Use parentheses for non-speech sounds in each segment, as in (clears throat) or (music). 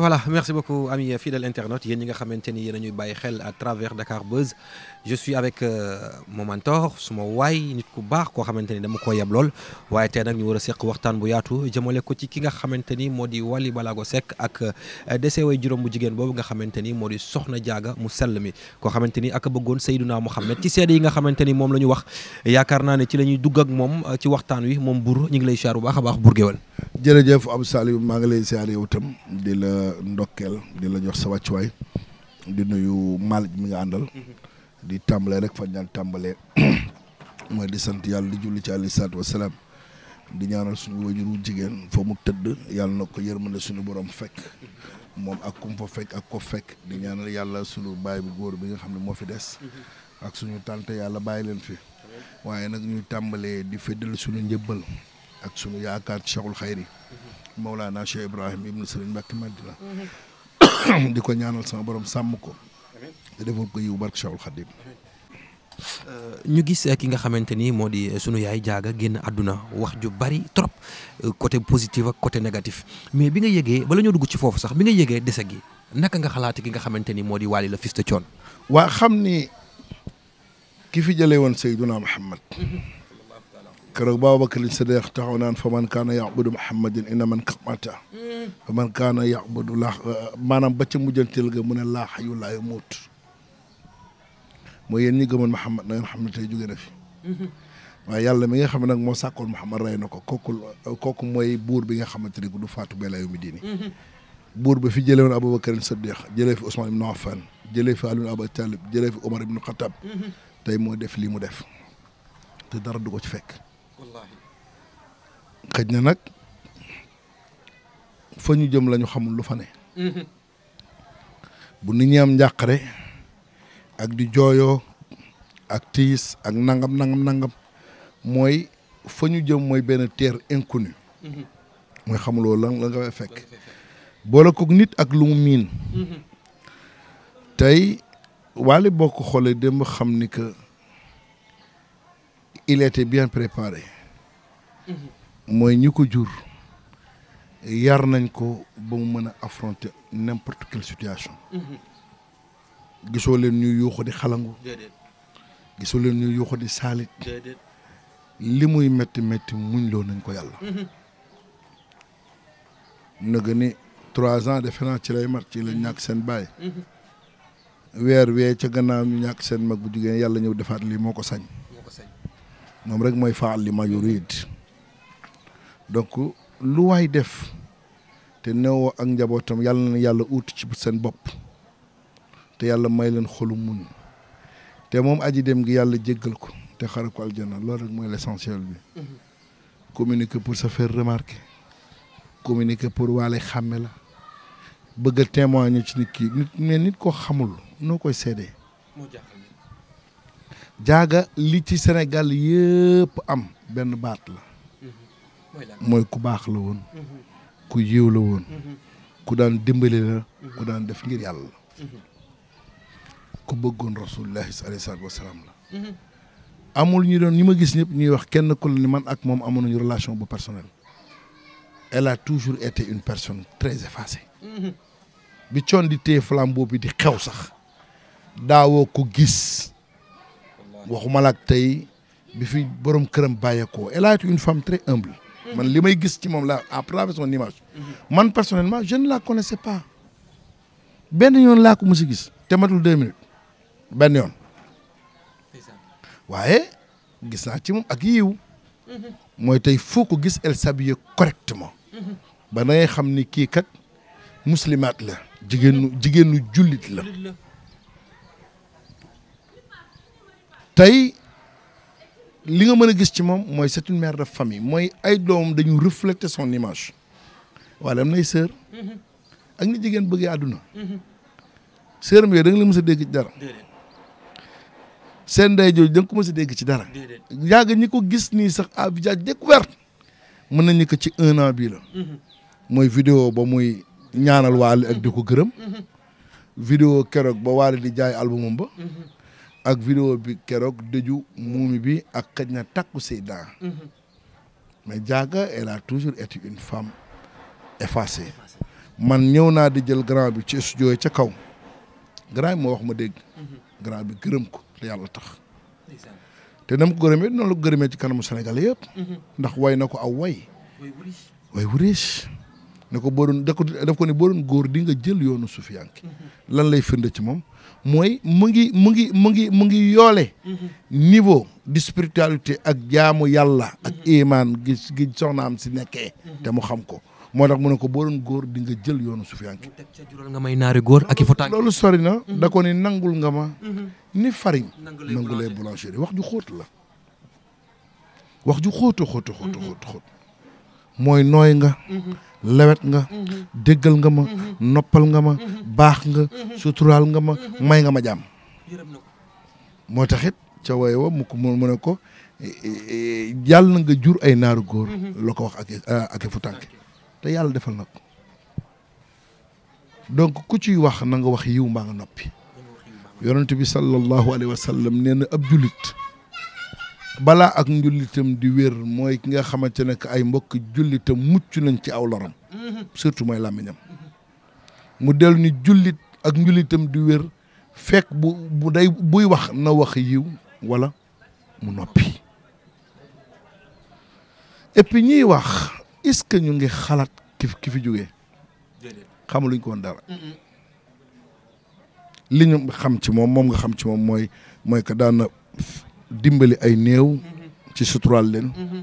voilà merci beaucoup ami fidèle internaute yéen ñi nga xamante ni yéen a ñuy bàyyi xel à travers Dakar euh, ku baax koo xamante ni dama ko yeb lool waaye tey nag ñu war a seq waxtaan bu yaatu jëmale ko ci ki nga xamante ni moo di Wally Balago Seck ak euh, dese way juróom bu jigéen boobu nga xamante ni moo di Soxna Jaaga mu sell mi koo xamante ni ak bëggoon xam Mouhamed ci seede yi nga xamante ni moom la ñu wax yaakaar naa ne ci la ñuy dugg ak moom euh, ci waxtaan wi moom Bour ñu ngi lay siyaar bu baax a baax Bour Guéweul jërëjëf am Saliou maa ngi lay siyaar yow tam la la ndokkeel di la jox sa wàccuwaay di nuyu Malick mi nga àndal. di tàmbalee rek fa ñaan tàmbalee (clears throat) mooy di sant yàlla di julli ci alayhi salaatu di ñaanal suñu wajuru jigéen fa mu tëdd yàlla na ko yërmande suñu borom fekk moom ak kum fa fekk ak ko fekk di ñaanal yàlla suñu baay bu góor bi nga xam ne moo fi des ak suñu tante yàlla bàyyi leen fi waaye nag ñuy tàmbalee di feddal suñu njëbbal ak suñu yaakaar ci Xayri Mawlana Cheikh Ibrahim ibnu Sëriñ Mbàkke ma di la mm-hmm. (coughs) di ko ñaanal sama borom sàmm ko te defal ko yiw barke Cheikhul Khadim ñu gis eh, ki nga xamante ni moo di eh, sunu yaay jaaga génn àdduna wax ju bari trop eh, côté positif ak côté négatif mais bi nga yëgee bala ñoo dugg ci foofu sax bi nga yëgee dese gi naka nga xalaat ki nga xamante ni moo di Wally la fils de waa xam ni ki fi jële woon Seydouna Muhammad mm-hmm. keroog Babacar Sadiq taxaw naan fa man kaana yabudu Muhammadin inna man kamata fa man kaana yabudu laax maanaam ba ca mujjantil ga mu ne laa xayu laa yamuut mooy yéen ñi gëmoon Muhammad na ngeen xam ne tey jóge na fi waaye yàlla mi nga xam ne nag moo sàkkoon Muhammad rey na ko kooku kooku mooy buur bi nga xamante ne du faatu bee layu mi diini buur bi fi jëlee woon Aboubacar Sadiq jëlee fi Ousmane ibn Affan jëlee fi Ali ibn Abi Talib jëlee fi Omar ibn Khattab mm-hmm. tey moo def lii mu def te dara du ko ci fekk xëj na nag fa ñu jëm lañu xamul lu fa ne mhm. bu nit am njàqare ak di jooyoo ak tiis ak nangam nangam nangam mooy fa ñu jëm mooy benn terre inconnue mhm. mooy xamuloo lan la nga fekk boole ko nit ak lu mu miin mhm. tey waali bokk xoolee démb xam ni que il était bien préparé mhm. mooy ñi ko jur yar nañ ko ba mu mën a affronter n'importe quelle situation mhm. gisoo leen ñuy yuuxu di xalangu gisoo leen ñuy yuuxu di saalit li muy métti métti muñ loo nañ ko yàlla mhm. na ga ni trois ans defe ci lay mat ci la ñàkk seen baay weer wee ci gannaaw ñu ñàkk seen mag bu jigéen yàlla ñëw defaat lii moo ko sañ moom rek mooy faal li ma yurid donc lu waay def te newoo ak njabootam yàlla na yàlla ut ci seen bopp te yàlla may leen xolu mun te moom aji dem ngi yàlla jéggal ko te xare ko aljana loolu rek mooy l'essentiel bi mm-hmm. communiquer pour se faire remarquer communiquer pour waale xàmme la bëgg a témoigner ci nit ki nit mais nit koo xamul noo koy seedee jaaga li ci Sénégal yëpp am benn baat la mooy ku baax la woon ku yiw la woon ku daan dimbali la ku daan def ngir yàlla ku bëggoon rasulullahi alayhi salaatu wasalaam la amul ñu doon ñi ma gis ñëpp ñuy wax kenn ku la ni man ak moom amoon nañu relation bu personnelle elle a toujours été une personne très effacée mhm. bi coon flambeau bi di xew sax daawoo ko gis waxuma la ak tey bi fi boroom këram bàyyeekoo elle a été une femme très humble. man li may gis ci moom la à travers son image. man personnellement je ne la connaissais pas. benn yoon laa ko mos gis te matul deux minutes benn yoon. waaye gis naa ci moom ak yiw mooy tey foo ko gis elle s'habille correctement. ba na ngay xam ni kii kat muslimaat la. jigéen jigéenu jullit la. tey li nga mën a gis ci moom mooy c'est une mère de famille mooy ay doomam dañu refléter son image wala am nay sœur ak ni jigéen bëggee àdduna sœur mi yooyu da nga la mës a dégg ci dara seen ndey jooju da nga ko mës a dégg ci dara yàgg ñi ko gis nii sax à visage découverte mën nañu ko ci un an bii la mooy video ba muy ñaanal waali ak di ko gërëm vidéo keroog ba waali di jaay albumam ba ak vidéo bi keroog dëju muumi bi ak xëj na takku Seydina mais Diaga elle toujours été une femme effacée man ñëw naa di jël grand bi ci studio ca kaw grand bi moo wax ma dégg grand bi gërëm ko te yàlla tax te nam ko gërëmee noonu la gërëmee ci kanamu senegal yëpp ndax way na ko aw way way wuriis ne ko boo doon daf ko ni boo góor di jël yoonu suufiyanke lan lay firnde ci moom mooy mu ngi mu ngi mu ngi mu ngi yoole niveau di spiritualité ak jaamu yàlla ak imaan gi gi soxnaam si nekkee te mu xam ko moo tax mu ne ko boo góor di nga jël yoonu sufiyanke nga may naari góor ak i fa loolu sori na mhm. da ko nangul nga ma mhm. ni fariñ nangulee boulangerie wax ju xóot la wax ju xóotu xóotu xóotu xóotu mhm. xóot mooy nooy nga mhm. lewet nga mhm. déggal nga ma mhm. noppal nga ma baax nga suturaal nga ma may nga ma jàmm moo taxit ca woy wa mu ko mu ne ko eh, eh, eh, yàlla na nga jur ay naaru góor la ko wax ak ah, ak tànk te yàlla defal na ko donc ku ciy wax na nga wax yiw mbaa nga noppi yonent bi sallallahu alayhi wa sallam nee na ab jullit balaa ak njullitam di wér mooy ki nga xamante ne ay mbokk jullitam mucc nañ ci aw loram mhm. surtout mooy làmmiñam mu dellu ni jullit ak njullitam di wér fekk bu bu day buy wax na wax yiw wala mu noppi et puis ñiy wax est-ce que ñu ngi xalaat ki ki fi jógee xamul luñ ko dara li ñu xam ci moom moom nga xam ci moom mooy mooy que daan dimbali ay néew mhm. ci suturaal leen mhm.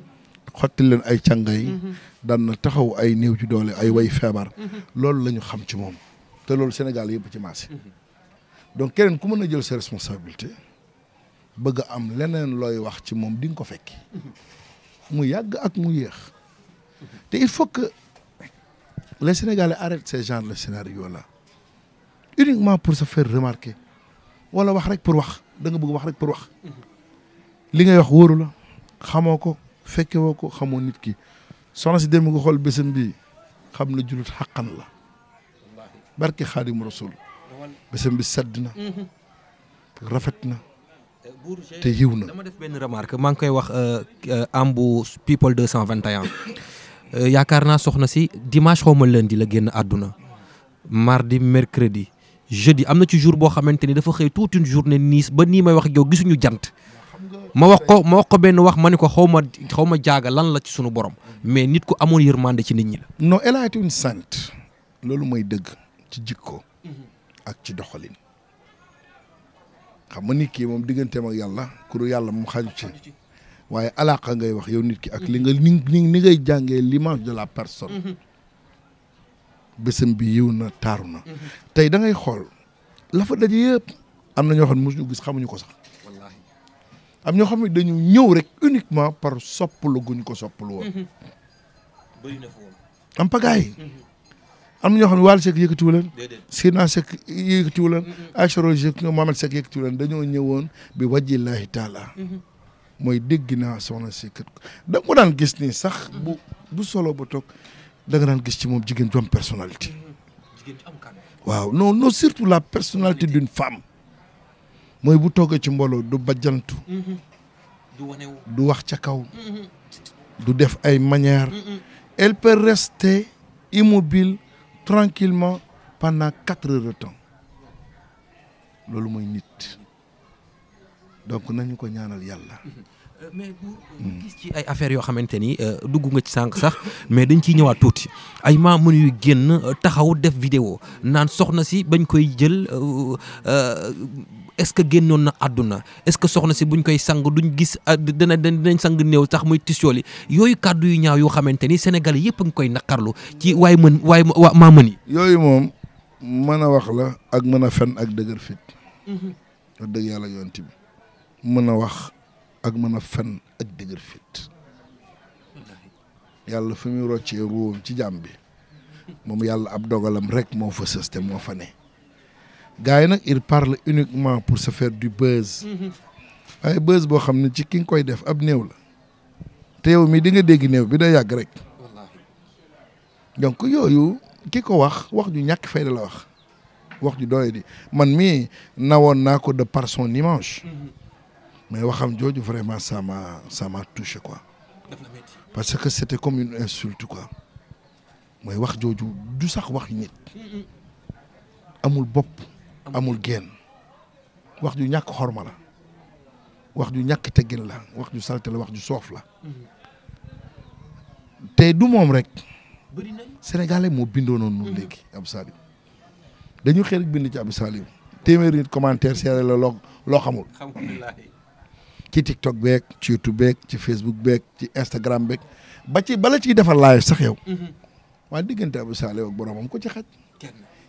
xotti leen ay càngay mhm. daan na taxaw ay néew ci doole ay way feebar loolu lañu xam ci moom te loolu Sénégal yëpp ci marché donc keneen ku mën a jël sa responsabilité bëgg am leneen looy wax ci moom di ko fekki mu yàgg ak mu yéex te il faut que les arrêt se ces genres de scénario là uniquement pour se faire remarquer wala wax rek pour wax da bëgg wax rek pour wax li ngay wax wóoru la xamoo ko fekke woo ko xamoo nit ki soxna si dem nga xool bésam bii xam na julut xàqan la barke xaadim rasul bésam bi sedd na rafet na te yiw na dama def benn remarque maa ngi koy wax euh, ambu people 221 euh, yaakaar naa soxna si dimanche xaw ma lundi la génn àdduna mardi mercredi jeudi am na ci jour boo xamante ni dafa xëy toute une journée niis ba nii may wax ak yow gisuñu jant ma wax ko ma wax ko benn wax ma ni ko xaw ma ma jaaga lan la ci sunu borom mais nit ku amoon yërmande ci nit ñi la. non elle a été une loolu mooy dëgg ci jikko. ak ci doxalin. xam nga nit ki moom digganteem ak yàlla kuru yàlla moom xaju ci. waaye alaaka ngay wax yow nit ki ak li nga ni ni ngay jànge l'image de la personne. Mm-hmm. bésam bi yiw na taaru na. Mm-hmm. tey da xool lafa fa daje yëpp. am na ñoo xam ne mosuñu gis xamuñu ko sax. am ñoo xam ne dañu ñëw rek uniquement par soppalu guñ ko soppalu woon. Mhm. bëri na fa am pagaay. Mhm. am na ñoo xam ne Waly Seck yëkti leen. déedéet Sina Seck yëkkatiwu leen. Mhm. Acharo Seck Mohamed Seck yëkkatiwu leen dañoo ñëwoon bi wajjilaahi taala. mooy dégg naa soxna si kër da nga daan gis ni sax. bu bu solo bu toog da nga gis ci moom jigéen ju am personnalité. jigéen waaw non non surtout la personnalité d'une femme. mooy bu toogee ci mbooloo du bajjantu mhm. du du wax ca kaw mhm. du def ay manières mhm. elle peut rester immobile tranquillement pendant quatre heures loolu mooy nit donc nañu ko ñaanal yàlla euh, mais hmm. ci ay affaires yoo xamante ni euh, dugg nga ci sànq sax (laughs) mais dañ ciy ñëwaat tuuti ay maam yu génn euh, taxaw def vidéo naan soxna si bañ koy jël est-ce que génnoon na àdduna est-ce que soxna si bu ñu koy sang duñ gis ah, dina dinañ sang néew sax muy tisooli yooyu kàddu yu ñaaw yoo xamante ni Sénégalais yëpp a ngi koy naqarlu ci waay mën waay maa mën yi. yooyu moom mën a wax la ak mën a fen ak dëgër fit. Mhm. dëgg yàlla yonent bi a wax ak mën a fen ak dëgër yàlla fi muy roccee ruwam ci jàmm bi moom yàlla ab dogalam rek moo fa sës te moo fa ne. gars yi nag il parle uniquement pour se fair du buzz. waaye mhm. buzz boo xam ne ci ki nga koy def ab néew la te yow mii di nga dégg néew bi da yàgg rek donc yooyu ki ko wax wax ju ñàkk fayda la wax wax ju doole di man mii nawoon naa ko de par son image mhm. mais waxam jooju vraiment ça m'a ça quoi parce que c'était te une insulte quoi mooy wax jooju du sax wax nit mhm. amul bopp amul génn wax ju ñàkk xorma la wax ju ñàkk teggin la wax ju salte la wax ju soof la te du moom rek sénégalais moo bindoo noonu léegi Abou Saliou dañu xëy rek bind ci Abou Saliou téeméeri nit commentaire seere la loo loo xamul ci TikTok beeg ci YouTube beeg ci Facebook beeg ci Instagram beeg ba ci bala ciy defal live sax yow mhm. waa diggante Abou Saliou ak boromam ci xaj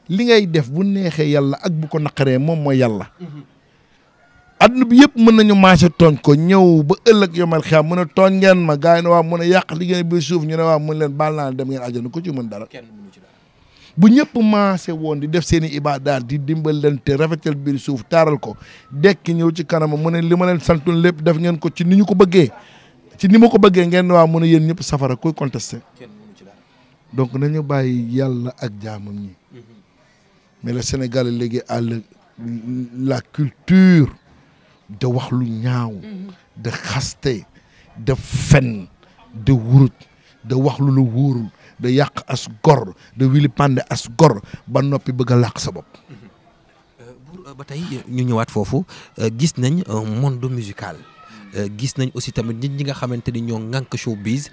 li ngay def bu neexee yàlla ak bu ko naqaree moom mooy yàlla. adduna bi yëpp mën nañu marché tooñ ko ñëw ba ëllëg yomal xiyaam mu ne tooñ ngeen ma gars yi ne mu ne yàq liggéey bi suuf ñu waa waaw mu ne leen baal naa dem ngeen àjjana ko ci mën dara. bu ñëpp maase woon di def seen i ibaadaat di dimbal leen te rafetal biir suuf taaral ko dekki ñëw ci kanam mu ne li ma leen santoon lépp def ngeen ko ci ni ñu ko bëggee ci ni ma ko bëggee ngeen waa mu ne yéen ñëpp safara koy contesté donc nañu bàyyi yàlla ak jaamam ñi mhm. mais le Sénégal léegi à la culture de wax lu ñaaw de xaste de fen de wurut de wax lu la wóorul da yàq as gor de wili pande as gor ba noppi bëgg a làq sa bopp buur ba tey ñu ñëwaat foofu euh, gis nañ monde musical euh, gis nañ aussi tamit nit ñi nga xamante ni ñoo ŋànk showbiz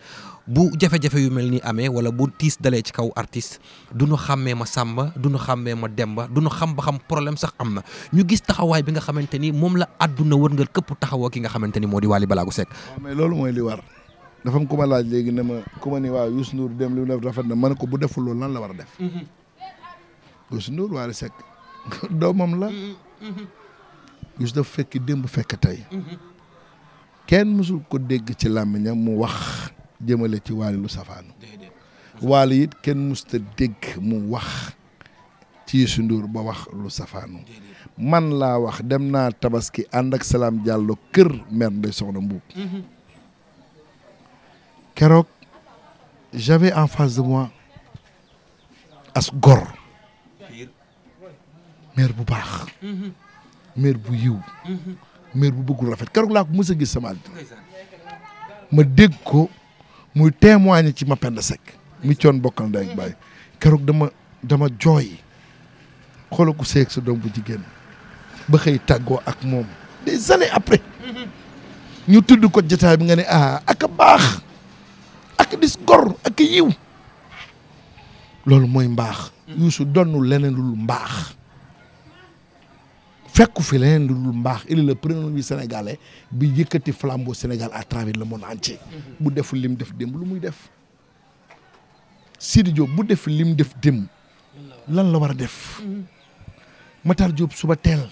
bu jafe-jafe yu mel ni amee wala bu tiis dalee ci kaw artiste du ñu xàmmee ma Samba du ñu xàmmee ma Demba du ñu xam ba xam problème sax am na ñu gis taxawaay bi nga xamante ni moom la àdduna wër nga këpp taxawoo ki nga xamante ni moo di Wally Ballago Seck. waaw mais loolu mooy li war dafa am ku ma laaj léegi ne ma ku ma ni waaw Youssou Ndour dem na ma ne ko bu deful loolu lan la war a def. Mm-hmm. Youssou Ndour Wally Seck (laughs) doomam la. Mm-hmm. Mm-hmm. Youssou dafa fekk démb fekk tey. kenn mësul ko dégg ci làmmiñam mu wax. jëmale ci waali lu safaanu waali it kenn musta dégg mu wax ci Youssou ba wax lu safaanu man laa wax dem naa tabaski ànd ak salaam jàllo kër mer nday soxna mbuub mhm. keroog j'avais en face de as gor maire bu baax maire mhm. bu yiw maire mhm. bu bëggul rafet keroog laa ko mës a gis ma dégg ko muy témoigner ci Mapenda Seck mi coon bokkal ndey ak baay keroog dama dama jooy xoolal ku seeg sa doom bu jigéen ba xëy tàggoo ak moom des années après ñu tudd ko jotaay bi nga ne ah ak baax ak dis gor ak a yiw loolu mooy mbaax yuusu donnu leneen lu mbaax fekk fi leneen lu dul mbaax il est le premier ministre sénégalais bi yëkkati flambeau Sénégal à travers le monde entier. Mhm. bu deful lim def démb lu muy def Sidi Diop bu def lim def démb lan la war a def mhm. Matar Diop suba teel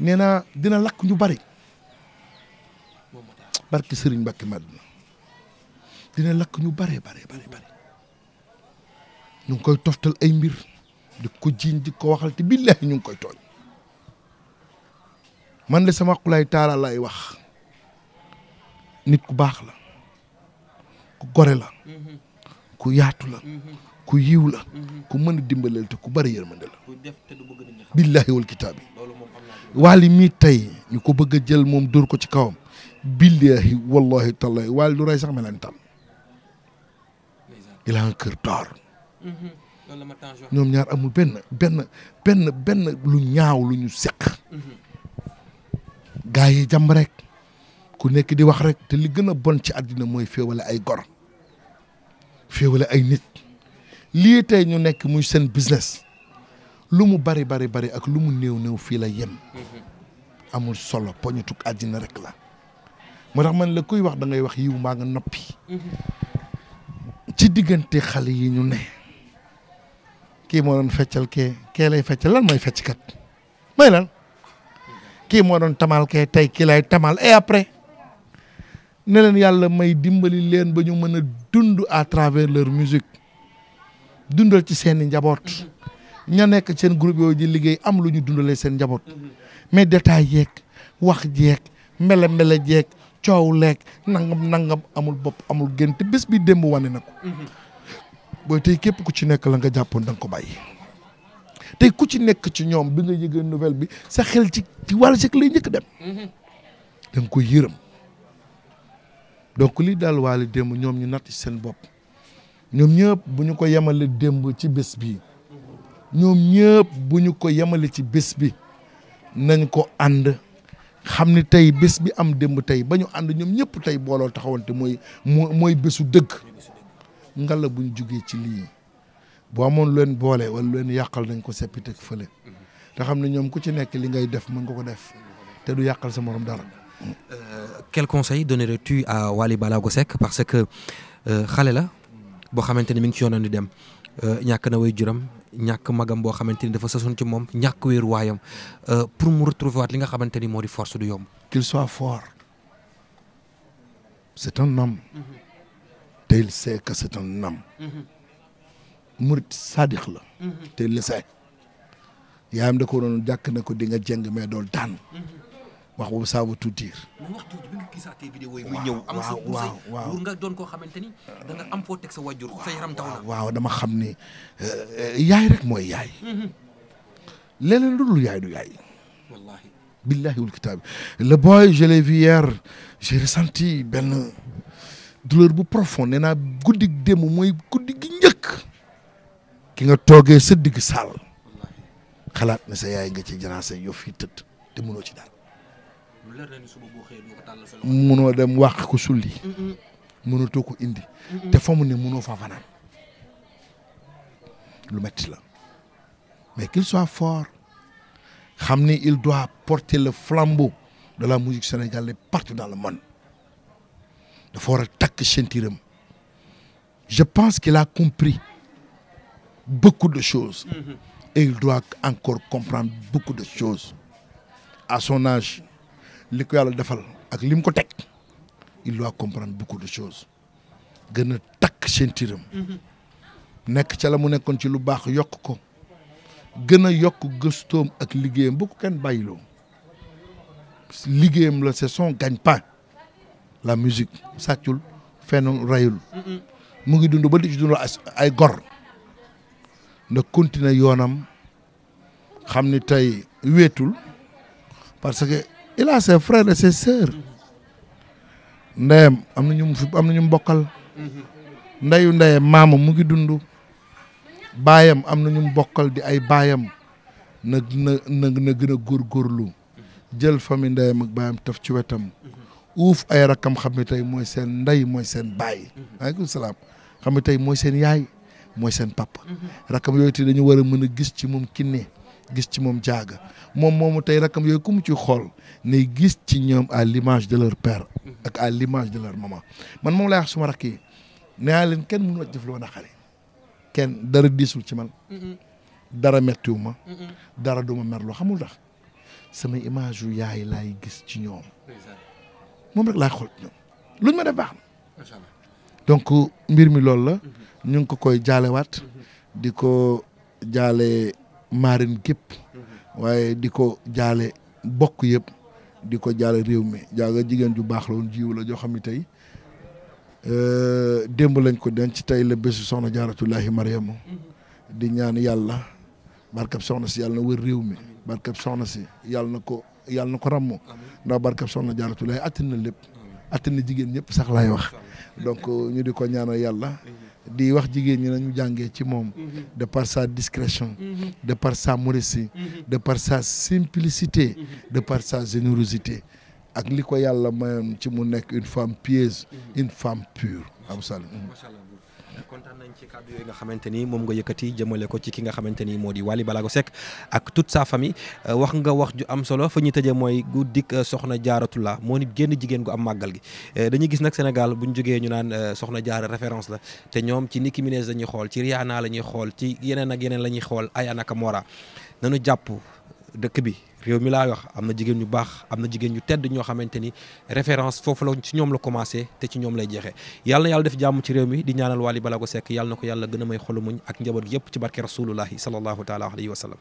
nee na dina lakk ñu bari barki Serigne Mbacké Madina dina lakk ñu bare bare bare ñu ngi koy toftal ay mbir di ko jiiñ di ko waxal te billahi ñu ngi koy tooñ man de sama xulaay taala lay wax nit ku baax la ku gore la ku yaatu la ku yiw la ku mën a dimbaleel te ku bari yërmande la billaahi wal kitaabi waali mii tey ñu ko bëgg a jël moom dóor ko ci kawam billaahi wallahi tallahi waali du rey sax melentaan il a un cœur d'or ñoom ñaar amul benn benn benn benn lu ñaaw lu ñu seq gaa yi jàmb rek ku nekk di wax rek te li gën a bon ci àddina mooy féewale ay gor féewale ay nit lii tey ñu nekk muy seen business lu mu bari bari bari ak lu mu néew néew fii la yem amul solo poñituk àddina rek la moo tax man la kuy wax dangay wax yiw maa nga noppi ci diggante xale yi ñu ne kii moo doon feccal kee kee lay feccal lan mooy fecckat mooy lan kii moo doon tamal kay tey kii lay tamal et après ne leen yàlla may dimbali leen ba ñu mën a dund à travers leur musique dundal ci seen i njaboot. ña nekk seen groupe yooyu di liggéey am lu ñu dundalee seen njaboot. mais détail yeeg wax jeeg mbele mbele coow leeg nangam nangam amul bopp amul gént bés bi démb wane na ko. Mhm. booy tey képp ku ci nekk la nga jàppoon da nga ko bàyyi. tey ku ci nekk ci ñoom bi nga yëgee nouvelle bi sa xel ci ci wàllu sek lay njëkk dem mhm. da ko yërëm donc lii daal waali démb ñoom ñu natt ci seen bopp ñoom bu ñu ko yemale démb ci bés bi ñoom ñëpp bu ñu ko yemale ci bés bi nañ ko ànd xam ni tey bés bi am demb tey ba ñu ànd ñoom ñëpp tey booloo taxawante mooy mooy bésu dëgg ngala bu ñu jugee ci lii boo amoon lu leen boole wala lu leen yàqal nañ ko seppi teg fële te xam ne ñoom ku ci nekk li ngay def mën nga ko def te du yàqal sa moroom dara. Euh, quel conseil donnerais-tu à Wally Ballago sekk parce que euh, xale la boo xamante ni mi ngi ci yoonam di dem euh, ñàkk na way juram ñàkk magam boo xamante ni dafa sasoon ci moom ñàkk wéeru waayam pour mu retrouver waat li nga xamante ni moo di force du yomb. qu'il soit fort c'est un homme. Mm-hmm. te il sait que murit sadix la mm-hmm. te lisaay yaayam da ko doon jàkk na ko di nga jëng mais dool daan mm-hmm. wax boobu ça veut tout dire. wax bi nga doon koo xamante ni da am foo teg sa wàjjur sa waaw dama xam ni euh, euh, yaay rek mooy yaay. Mm-hmm. leneen lu dul yaay du yaay. billahi wal kitaab le boy je l'ai vu hier j'ai benn douleur bu profonde nee naa guddi démb mooy guddi gi njëkk. ki nga toogee sa digg saal xalaat na sa yaay nga ci janaasa yow fii tëdd te mënoo ci daal. mënoo dem wàq ko sulli. mënatoo ko indi. te fa mu ne mënoo faa fanaan lu metti la mais qu'il soit fort xam ni il doit porter la flambeau de la musique sénégalaise partout dans le monde dafa war a takk ceinturam je pense qu'il a compris. beaucoup de choses. Mm il doit encore comprendre beaucoup de choses. À son li ko yàlla defal ak lim mu ko teg il doit comprendre beaucoup de choses gën a takk ceinture mm-hmm. nekk ca la mu nekkoon ci lu baax yokk ko gën a yokk gëstoom ak liggéeyam bu ko kenn bàyyiloo liggéeyam la c'est son gagne la musique sàccul fenu rayul mm-hmm. mu ngi dund ba di ci dund ay gor na continuer yoonam xam ni tey wéetul parce que il a ses frères et ses sœurs ndeyam am na ñu mu fi am na ñu mu bokkal ndeyu ndeyam mu ngi dund baayam am na ñu mu bokkal di ay baayam na na na na gën a góorgóorlu jël famille ndeyam ak baayam taf ci wetam uuf ay rakkam xam ne tey mooy seen ndey mooy seen baay. waaleykum salaam xam ne tey mooy seen yaay. mooy seen papa. rakam yooyu te dañu war a mën a gis ci moom kinne gis ci moom jaaga moom moomu tey rakam yooyu ku mu ci xool ne gis ci ñoom à l'image de leur père. à l'image de leur man moom lay wax suma rakk yi nee leen kenn mënu ma def lu ma naqari kenn dara diisul ci man. dara mettiwu ma. dara du ma merloo xamul tax sama image yu yaay laay gis ci ñoom. moom rek laay xool ci ñoom luñ ma def baax na. donc mbir mi loolu la mhm. ñu ngi ko koy jaalewaat mhm. di ko jaale marine képp mhm. waaye di ko jaale bokk yëpp di ko jaale réew mi jaaga jigéen ju baax la woon jiw la joo xam ne tey euh, démb lañ ko ci tey la bésu soxna jaaratullahi mariamu di ñaan yàlla barkab soxna si yàlla na wër réew mi barkab soxna si yàlla na ko yàlla na ko ràmm ndax barkab soxna jaaratullahi attin na lépp atte na jigéen ñëpp sax laay wax donc euh, ñu di ko ñaanal yàlla di wax jigéen ñi nañu jàngee ci moom de par sa discrétion de par sa modestie de par sa simplicité de par sa générosité ak li ko yàlla mayoon ci mu nekk une femme pieuse mhm. une femme pure Abou Salim mhm. kontaan nañ ci kàddu yooyu nga xamante ni moom nga yëkkati jëmale ko ci ki nga xamante ni moo di Wally ko Seck ak toute sa famille euh, wax nga wax ju am solo fa ñu tëjee mooy guddik euh, soxna jaaratula moo nit génn jigéen gu am màggal gi euh, dañuy gis nag Sénégal bu ñu jógee ñu naan soxna jaara référence la te ñoom ci Nicki Minaj la ñuy xool ci Rihanna la ñuy xool ci yeneen ak yeneen la ñuy xool Aya Nakamura nanu jàpp dëkk bi réew mi laa wax am na jigéen ñu baax am na jigéen ñu tedd ñoo xamante ni référence foofu la ci ñoom la commencé te ci ñoom lay jeexe yàlla na yàlla def jàmm ci réew mi di ñaanal Wally ko Seck yàlla na ko yàlla gën a may xolu ak njaboot gi yëpp ci barke rasulullahi sallallahu taala alayhi wa sallam